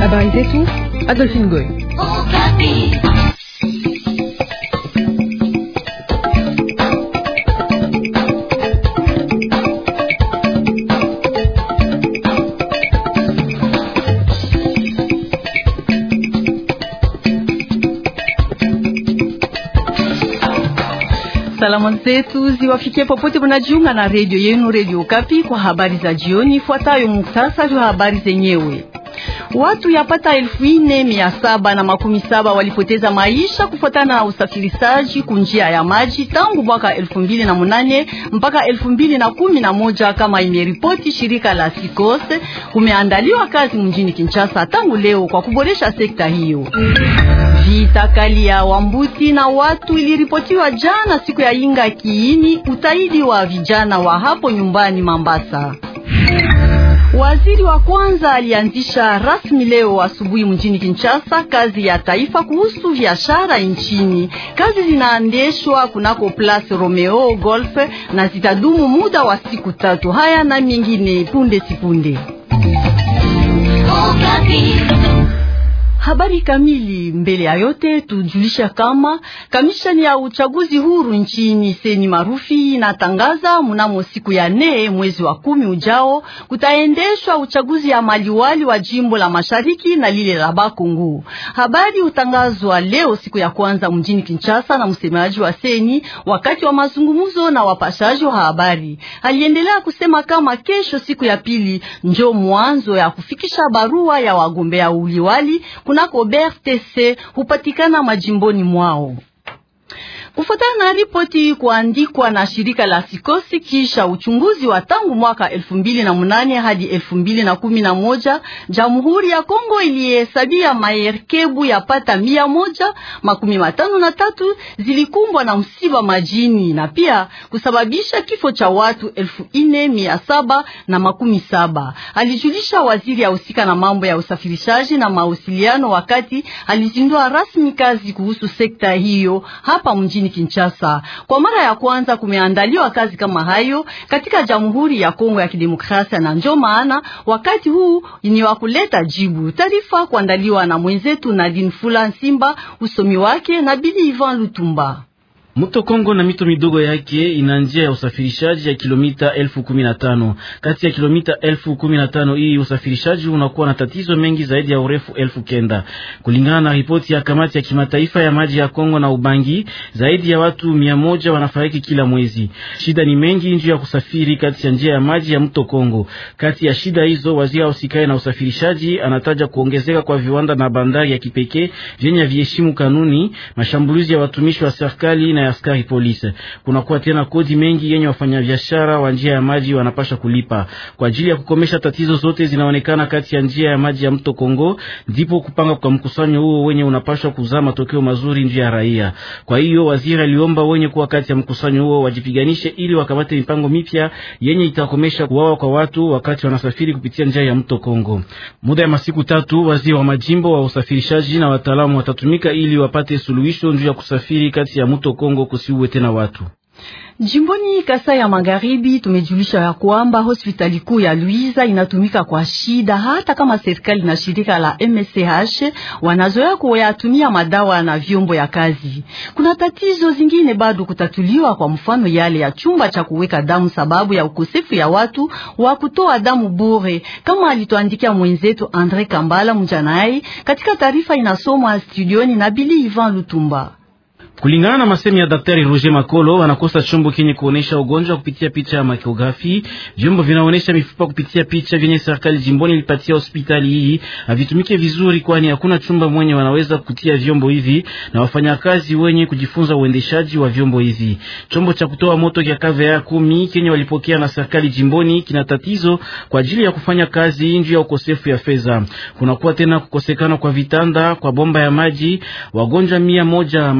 Habari zetu Adolphine Goy. Salamu zetu ziwafikie popote mnajiunga na redio yenu Redio Kapi kwa habari za jioni. Ifuatayo muktasari wa habari zenyewe. Watu yapata elfu ine mia saba na makumi saba walipoteza maisha kufuatana na usafirishaji kunjia ya maji tangu mwaka elfu mbili na munane mpaka elfu mbili na kumi na moja kama imeripoti shirika la Sikose. Kumeandaliwa kazi mjini Kinshasa tangu leo kwa kuboresha sekta hiyo kali ya Wambuti na watu iliripotiwa jana siku ya Inga kiini utaidi wa vijana wa hapo nyumbani Mambasa. Waziri wa kwanza alianzisha rasmi leo asubuhi mjini Kinshasa kazi ya taifa kuhusu biashara nchini. Kazi zinaendeshwa kunako Place Romeo Golf na zitadumu muda wa siku tatu. Haya na mengine punde sipunde. Habari kamili. Mbele ya yote tujulisha kama kamishani ya uchaguzi huru nchini Seni Marufi inatangaza mnamo siku ya nne mwezi wa kumi ujao kutaendeshwa uchaguzi ya maliwali wa jimbo la Mashariki na lile la Bakungu. Habari hutangazwa leo siku ya kwanza mjini Kinshasa na msemaji wa Seni wakati wa mazungumzo na wapashaji wa habari. Aliendelea kusema kama kesho siku ya pili njo mwanzo ya kufikisha barua ya wagombea uliwali kuna kunako BRTC hupatikana majimboni mwao. Kufuatana na ripoti kuandikwa na shirika la Sikosi kisha uchunguzi wa tangu mwaka elfu mbili na mnane hadi elfu mbili na kumi na moja Jamhuri ya Kongo ilihesabia maerkebu ya pata mia moja makumi matano na tatu zilikumbwa na msiba majini na pia kusababisha kifo cha watu elfu ine mia saba na makumi saba alijulisha waziri ahusika na mambo ya usafirishaji na mawasiliano wakati alizindua rasmi kazi kuhusu sekta hiyo hapa mjini mjini Kinshasa. Kwa mara ya kwanza kumeandaliwa kazi kama hayo katika Jamhuri ya Kongo ya Kidemokrasia, na ndio maana wakati huu ni wa kuleta jibu. Taarifa kuandaliwa na mwenzetu Nadine Fula Nsimba, usomi wake na Bili Ivan Lutumba. Mto Kongo na mito midogo yake ina njia ya usafirishaji ya kilomita elfu kumi na tano. Kati ya kilomita elfu kumi na tano hii usafirishaji unakuwa na tatizo mengi zaidi ya urefu elfu kenda kulingana na ripoti ya kamati ya kimataifa ya maji ya Kongo na Ubangi. Zaidi ya watu mia moja wanafariki kila mwezi. Shida ni mengi njuu ya kusafiri kati ya njia ya maji ya mto Kongo. Kati ya shida hizo, waziri ausikae na usafirishaji anataja kuongezeka kwa viwanda na bandari ya kipekee vyenye viheshimu kanuni, mashambulizi ya watumishi wa serikali na ya askari polisi. Kunakuwa tena kodi mengi yenye wafanyabiashara wa njia ya maji wanapasha kulipa kwa ajili ya kukomesha tatizo zote zinaonekana kati ya njia ya maji ya mto Kongo. Ndipo kupanga kwa mkusanyo huo wenye unapashwa kuzaa matokeo mazuri njia ya raia. Kwa hiyo waziri aliomba wenye kuwa kati ya mkusanyo huo wajipiganishe ili wakamate mipango mipya yenye itakomesha kuwawa kwa watu wakati wanasafiri kupitia njia ya mto Kongo. Muda ya masiku tatu, waziri wa majimbo wa usafirishaji na wataalamu watatumika ili wapate suluhisho juu ya kusafiri kati ya mto Kongo Kongo kusiuwe tena watu. Jimboni kasa ya Magharibi tumejulisha ya kwamba hospitali kuu ya Luiza inatumika kwa shida, hata kama serikali na shirika la MSH wanazoea kuyatumia madawa na vyombo ya kazi. Kuna tatizo zingine bado kutatuliwa, kwa mfano yale ya chumba cha kuweka damu sababu ya ukosefu ya watu wa kutoa damu bure, kama alituandikia mwenzetu Andre Kambala Mjanai katika taarifa inasomwa studioni na Bili Ivan Lutumba. Kulingana na masemi ya Daktari Roger Makolo, anakosa chombo kenye kuonesha ugonjwa kupitia picha ya makiografi. Vyombo vinaonesha mifupa kupitia picha vyenye serikali jimboni ilipatia hospitali hii havitumike vizuri, kwani hakuna chumba mwenye wanaweza kutia vyombo hivi na wafanyakazi wenye kujifunza uendeshaji wa vyombo hivi. Chombo cha kutoa moto kya kave ya kumi kenye walipokea na serikali jimboni kina tatizo kwa ajili ya kufanya kazi nje ya ukosefu ya fedha. Kunakuwa tena kukosekana kwa vitanda, kwa bomba ya maji, wagonjwa mia moja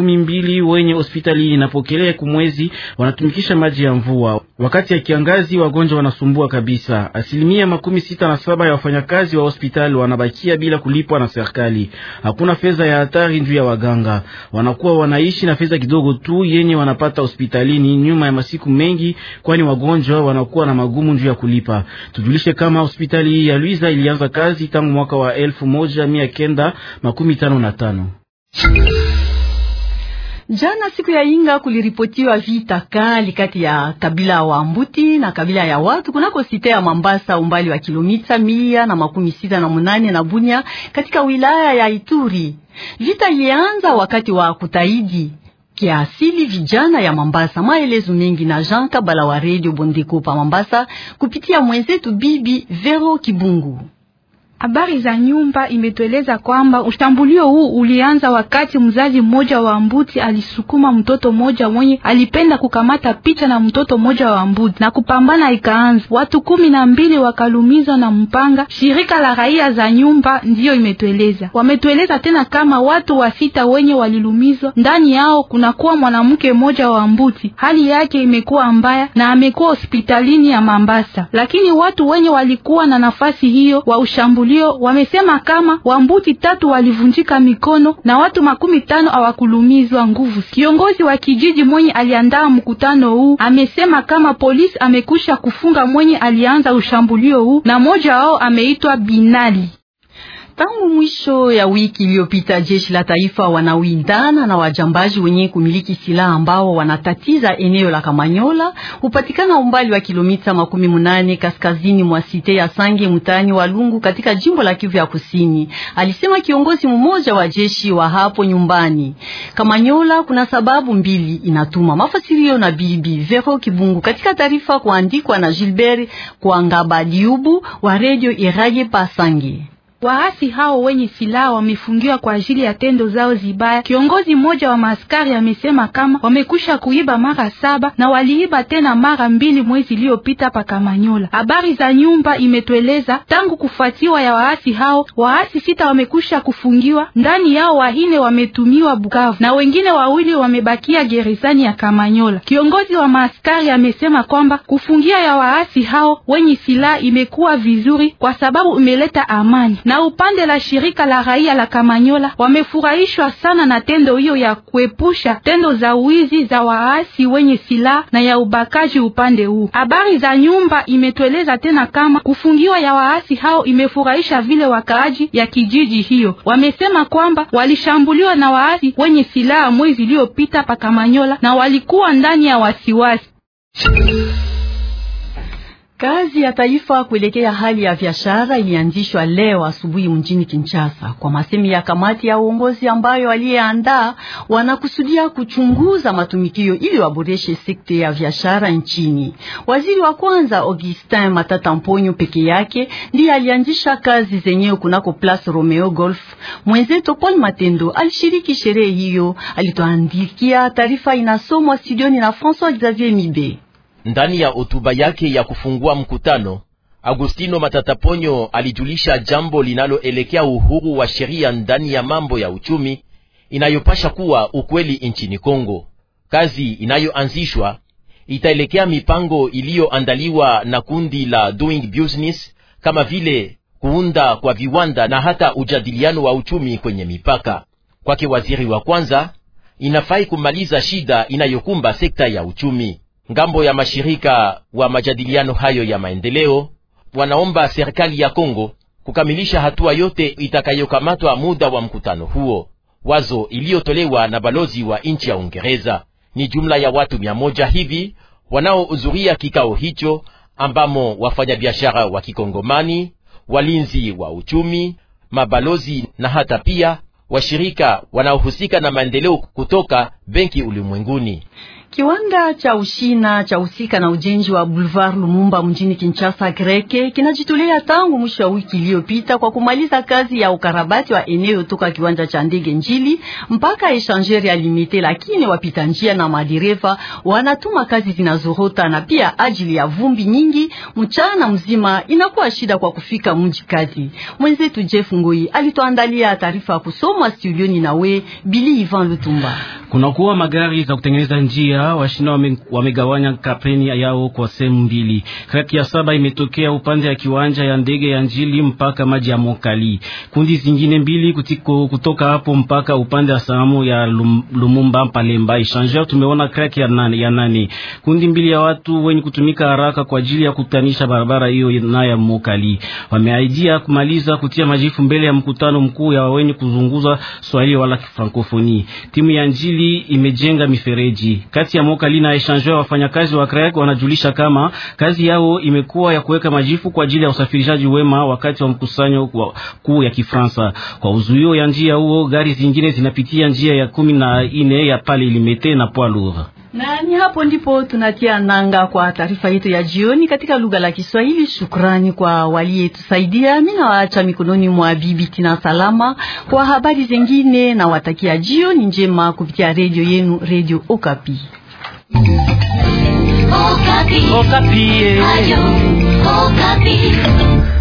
makumi mbili wenye hospitali inapokelea kumwezi wanatumikisha maji ya mvua. Wakati ya kiangazi wagonjwa wanasumbua kabisa. Asilimia makumi sita na saba ya wafanyakazi wa hospitali wanabakia bila kulipwa na serikali. Hakuna fedha ya hatari juu ya waganga, wanakuwa wanaishi na fedha kidogo tu yenye wanapata hospitalini nyuma ya masiku mengi, kwani wagonjwa wanakuwa na magumu juu ya kulipa. Tujulishe kama hospitali hii ya Luiza ilianza kazi tangu mwaka wa elfu moja mia kenda makumi tano na tano. Jana siku ya Inga kuliripotiwa vita kali kati ya kabila wa Mbuti na kabila ya watu kunako site ya Mambasa, umbali wa kilomita mia na makumi sita na munane na Bunya katika wilaya ya Ituri. Vita ilianza wakati wa kutaidi kiasili vijana ya Mambasa. Maelezo mengi na Jean Kabala wa Radio Bondeko pa Mambasa kupitia mwenzetu Bibi Vero Kibungu. Habari za nyumba imetueleza kwamba ushambulio huu ulianza wakati mzazi mmoja wa mbuti alisukuma mtoto mmoja mwenye alipenda kukamata picha na mtoto mmoja wa mbuti na kupambana ikaanza. Watu kumi na mbili wakalumizwa na mpanga. Shirika la raia za nyumba ndiyo imetueleza. Wametueleza tena kama watu wa sita wenye walilumizwa, ndani yao kunakuwa mwanamke mmoja wa mbuti. Hali yake imekuwa mbaya na amekuwa hospitalini ya Mambasa, lakini watu wenye walikuwa na nafasi hiyo wa ushambulio mashambulio wamesema kama wambuti tatu walivunjika mikono na watu makumi tano hawakulumizwa nguvu. Kiongozi wa kijiji mwenye aliandaa mkutano huu amesema kama polisi amekusha kufunga mwenye alianza ushambulio huu na moja wao ameitwa Binali. Tangu mwisho ya wiki iliyopita, jeshi la taifa wanawindana na wajambazi wenye kumiliki silaha ambao wanatatiza eneo la Kamanyola, hupatikana umbali wa kilomita makumi munane kaskazini mwa site ya Sange mtaani wa Lungu katika jimbo la Kivu ya Kusini, alisema kiongozi mmoja wa jeshi wa hapo nyumbani Kamanyola. Kuna sababu mbili inatuma mafasirio na Bibi Vero Kibungu katika taarifa kuandikwa na Gilbert Kwangabadiubu wa Radio Iraje Pasange. Waasi hao wenye silaha wamefungiwa kwa ajili ya tendo zao zibaya. Kiongozi mmoja wa maaskari amesema kama wamekusha kuiba mara saba na waliiba tena mara mbili mwezi iliyopita pa Kamanyola. Habari za nyumba imetueleza tangu kufuatiwa ya waasi hao, waasi sita wamekusha kufungiwa, ndani yao wahine wametumiwa Bukavu na wengine wawili wamebakia gerezani ya Kamanyola. Kiongozi wa maaskari amesema kwamba kufungia ya waasi hao wenye silaha imekuwa vizuri kwa sababu imeleta amani na upande la shirika la raia la Kamanyola wamefurahishwa sana na tendo hiyo ya kuepusha tendo za uizi za waasi wenye silaha na ya ubakaji upande huu. Habari za nyumba imetueleza tena kama kufungiwa ya waasi hao imefurahisha vile wakaaji ya kijiji hiyo. Wamesema kwamba walishambuliwa na waasi wenye silaha mwezi iliyopita pa Kamanyola na walikuwa ndani ya wasiwasi. Kazi ya taifa kuelekea hali ya biashara ilianzishwa leo asubuhi mjini Kinshasa. Kwa masemi ya kamati ya uongozi ambayo aliyeandaa, wanakusudia kuchunguza matumikio ili waboreshe sekta ya biashara nchini. Waziri wa kwanza Augustin Matata Mponyo peke yake ndiye alianzisha kazi zenyewe kunako Place Romeo Golf. Mwenzetu Paul Matendo alishiriki sherehe hiyo, alitoandikia taarifa inasomwa studioni na François Xavier Mibe. Ndani ya hotuba yake ya kufungua mkutano, Agustino Matataponyo alijulisha jambo linaloelekea uhuru wa sheria ndani ya mambo ya uchumi inayopasha kuwa ukweli nchini Kongo. Kazi inayoanzishwa itaelekea mipango iliyoandaliwa na kundi la Doing Business kama vile kuunda kwa viwanda na hata ujadiliano wa uchumi kwenye mipaka. Kwake waziri wa kwanza, inafai kumaliza shida inayokumba sekta ya uchumi ngambo ya mashirika wa majadiliano hayo ya maendeleo wanaomba serikali ya Kongo kukamilisha hatua yote itakayokamatwa muda wa mkutano huo. Wazo iliyotolewa na balozi wa nchi ya Uingereza ni jumla ya watu mia moja hivi wanaohudhuria kikao hicho ambamo wafanyabiashara wa Kikongomani, walinzi wa uchumi, mabalozi na hata pia washirika wanaohusika na maendeleo kutoka Benki Ulimwenguni. Kiwanda cha Ushina cha husika na ujenzi wa Boulevard Lumumba mjini Kinshasa Greke kinajitolea tangu mwisho wa wiki iliyopita kwa kumaliza kazi ya ukarabati wa eneo toka kiwanja cha ndege Njili mpaka Echangeri ya Limite, lakini wapita njia na madereva wanatuma kazi zinazorota na pia ajili ya vumbi nyingi, mchana mzima inakuwa shida kwa kufika mji kazi. Mwenzetu Jeff Ngoi alituandalia taarifa ya kusoma studioni nawe Bili Ivan Lutumba. Kunakuwa magari za kutengeneza njia Ulaya washina wamegawanya kampeni yao kwa sehemu mbili. Kraki ya saba imetokea upande ya kiwanja ya ndege ya Njili mpaka maji ya Mokali, kundi zingine mbili kutiko, kutoka hapo mpaka upande ya sanamu ya Lum, Lumumba Palemba Echangeur. Tumeona kraki ya nane, ya nane kundi mbili ya watu wenye kutumika haraka kwa ajili ya kutanisha barabara hiyo na ya Mokali. Wameaidia kumaliza kutia majifu mbele ya mkutano mkuu ya wenye kuzunguza Swahili wala Kifrankofoni. Timu ya Njili imejenga mifereji kati kati ya Mokali na Echangeur, wafanyakazi wa CREC wanajulisha kama kazi yao imekuwa ya kuweka majifu kwa ajili ya usafirishaji wema wakati wa mkusanyo kuu ya Kifransa. Kwa uzuio ya njia huo, gari zingine zinapitia njia ya kumi na ine ya pale Limete na Poilure na ni hapo ndipo tunatia nanga kwa taarifa yetu ya jioni katika lugha la Kiswahili. Shukrani kwa waliyetusaidia. Mimi nawaacha mikononi mwa Bibi Tina Salama kwa habari zingine, na watakia jioni njema kupitia redio yenu, Redio Okapi. Okapi. Okapi. Eh.